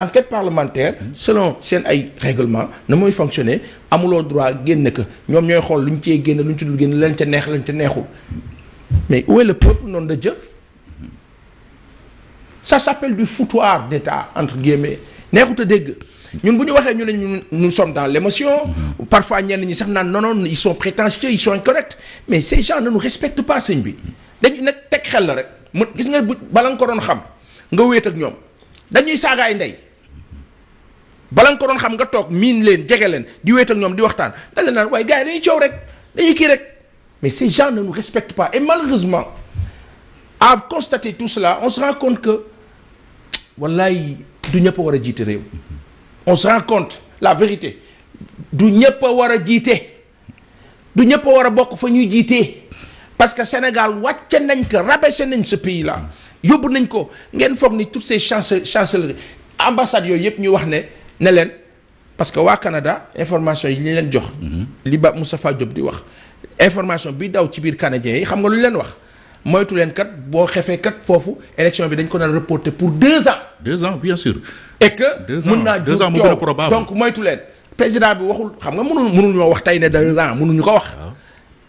enquête parlementaire selon seen ay règlement na mooy fonctionner amuloo droit génn ko ñoom ñooy xool lu ñu cee génn luñ ñu ci dul génn leen ca neex leen ca neexul mais où est le peuple nom de Dieu ça s'appelle du foutoir d'État entre guillemets neexut a dégg ñun bu ñu waxee ñu ne ñu nous sommes dans l'émotion parfois ñenn ñi sax naan non non ils sont prétentieux ils sont incorrects mais ces gens ne nous respectent pas sëñ bi dañu nag teg xel la rek mu gis nga bu bala nga ko doon xam nga wéet ak ñoom dañuy saagaay ndey. bala nga ko doon xam nga toog miin leen jege leen di wéet ak ñoom di waxtaan da naan waaye gars yi dañuy coow rek dañuy kii rek mais ces gens ne nous respectent pas et malheureusement à constater tout cela on se rend que wallaay du ñëpp war a jiite réew on se rend la vérité du ñëpp war a jiite du ñëpp war a bokk fa ñuy jiitee parce que Sénégal wàcce nañ ko rabaissé nañ ce pays la yóbbu nañ ko ngeen foog ni toutes ces chances chancelleries ambassades yooyu yëpp ñu wax ne ne leen parce que waa Canada information yi ñu leen jox. Mhm. li ba Moustapha Diop di wax information bi daw ci biir canadien yi xam nga lu leen wax moytu leen kat boo xefee kat foofu élection bi dañ ko naan reporter pour deux ans. deux ans bien sûr. et que mën naa deux ans mu donc moytu leen président bi waxul xam nga mënuñu mënuñoo wax tey ne deux ans mënuñu ko wax. Ah.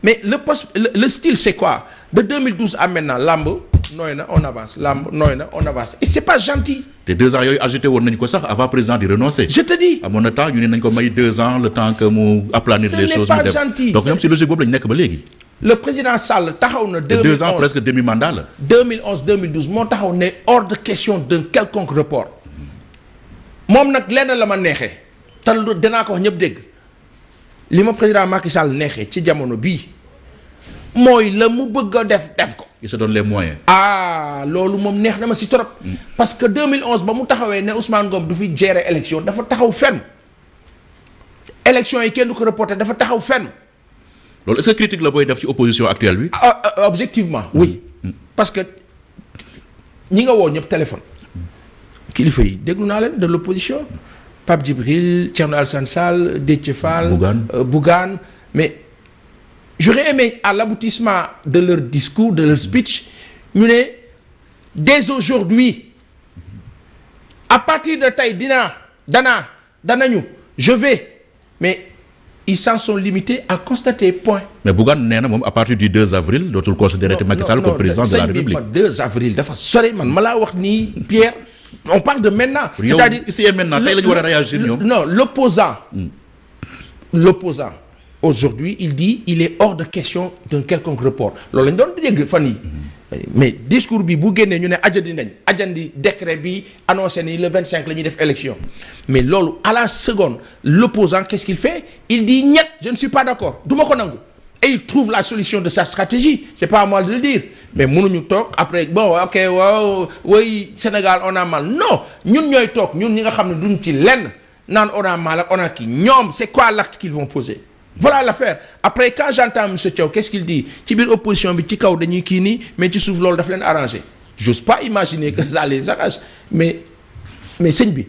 mais le poste le, le style c'est quoi de 2012 à làmb nooy na on avance làmb nooy na on avance et c'est pas gentil. te deux ans yooyu ajouté woon nañu ko sax avant président di renoncer. je te dis amoon na temps ñu ne nañ ko may deux ans le temps que mu aplanir les choses. mu dem donc ñoom si logique boobu la ñu nekk ba léegi. le président Sall taxaw na. deux ans presque demi mandat la. moo taxaw ne hors de question d'un quelconque report moom nag lenn la ma neexee te danaa ko wax ñëpp dégg li ma président Macky Sall neexee ci jamono bii. mooy la mu bëgg a def def ko. il se donne les moyens. ah loolu moom neex na ma si trop. Mm. parce que 2011 ba mu taxawee ne Ousmane Ngom du fi gérer élection dafa taxaw fenn. élection yi kenn du ko reporté dafa taxaw fenn. loolu est-ce que critique la booy def ci opposition actuelle bi. Ah, ah, ah, objectivement oui. Mm. Mm. parce que ñi nga woo ñëpp téléphone. kilifa yi déglu naa leen de l'opposition Pape Djibril Thierno Alassane Sall Déthié Fall. Bougane euh, Bougane mais. j'aurais aimé à l'aboutissement de leur discours de leur speech ñu ne dès aujourd'hui à partir de tey dinaa danaa danañu je vais mais ils s'en sont limités à constater point. mais Bougane nee na moom à partir du 2 avril dootul considérer Macky comme président de la République avril dafa sori man ma laa wax nii Pierre on parle de maintenant. c'est-à-dire ici et maintenant tey la ñu war a réagir ñoom. non l'opposant hmm. l'opposant aujourd'hui il dit il est hors de question d'un quelconque report loolu lañ doon dégg fan yi mais discours bi bu génnee ñu ne ajandi nañ ajandi décret bi annoncé ni le 25 la ñuy def élection mais loolu à la seconde l'opposant qu'est-ce qu'il fait il dit ñett je ne suis pas d'accord duma ko nangu et il trouve la solution de sa stratégie c'est pas à moi de le dire mais mënuñu toog après bon ok waaw oui Sénégal on a mal non ñun ñooy toog ñun ñi nga xam ne duñ ci lenn naan on a mal ak on a kii ñoom c'est voilà l'affaire après quand j'entends monsieur Thiaw qu'est-ce qu'il dit ci biir opposition bi ci kaw dañuy kii nii mais ci suuf loolu daf leen arrangé j'ose pas imaginer que ça les arrange mais mais sëñ bi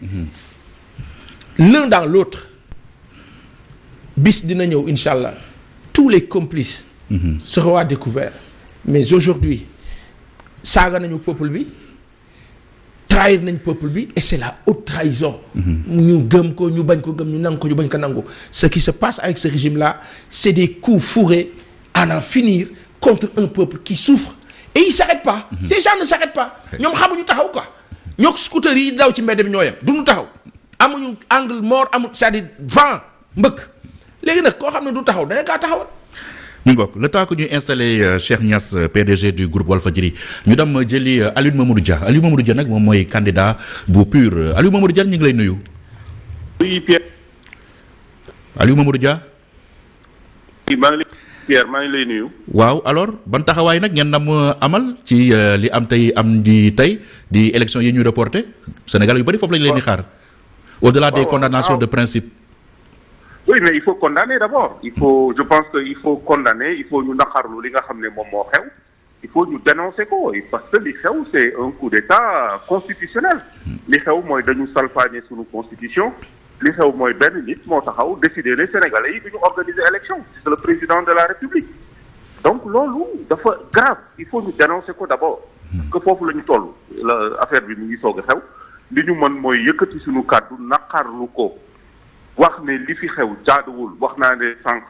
l'un dans l'autre bis dina ñëw incha allah tous les complices mhm. seront à découvert mais aujourd'hui saaga nañu peuple bi trahir nañ peuple bi et c'est la haute trahison. ñu gëm ko ñu bañ ko gëm ñu nangu ko ñu bañ ko nangu ce qui se passe avec ce régime la c'est des coups fourrés à n'en finir contre un peuple qui souffre et ils s'arrêtent pas. Mm -hmm. ces gens ne pas ñoom xamuñu taxaw quoi ñoo scooter yi daw ci mbedd bi ñoo yem duñu taxaw amuñu angle mort amul c'est-à-dire mbëkk léegi nag koo xam ne du taxaw dana kaa taxawal. ñu ngoog le temps que ñuy installé euh, Cheikh Niass euh, PDG du groupe Walfadjri ñu dem euh, jëli Aliou Mamadou Dia Aliou Mamadou Dia nag moom mooy candidat bu PUR Aliou Mamadou Dia ñu ngi lay nuyu. Aliou Mamadou Dia. maa ngi Pierre maa ngi lay nuyu. waaw alors ban taxawaay nag ngeen nam amal ci li am tey am di tey di élection yi ñu reporté Sénégal yu bëri foofu lañ leen di xaar. au delà des condamnations de principe. oui mais il faut condamner d'abord il faut je pense que il faut condamner il faut ñu naqarlu li nga xam ne moom moo xew il faut ñu dénoncer ko parce que li xew c'est un coup d'état constitutionnel li xew mooy dañu salfaañe suñu constitution li xew mooy benn nit moo taxaw décider les sénégalais yi du ñu organiser élection c'est le président de la république donc loolu dafa grave il faut ñu dénoncer ko d'abord parce que foofu la ñu toll la affaire bi mu ngi soog a xew li ñu mën mooy yëkkati suñu kàddu naqarlu ko wax ne li fi xew jaaduwul wax naa ne sànq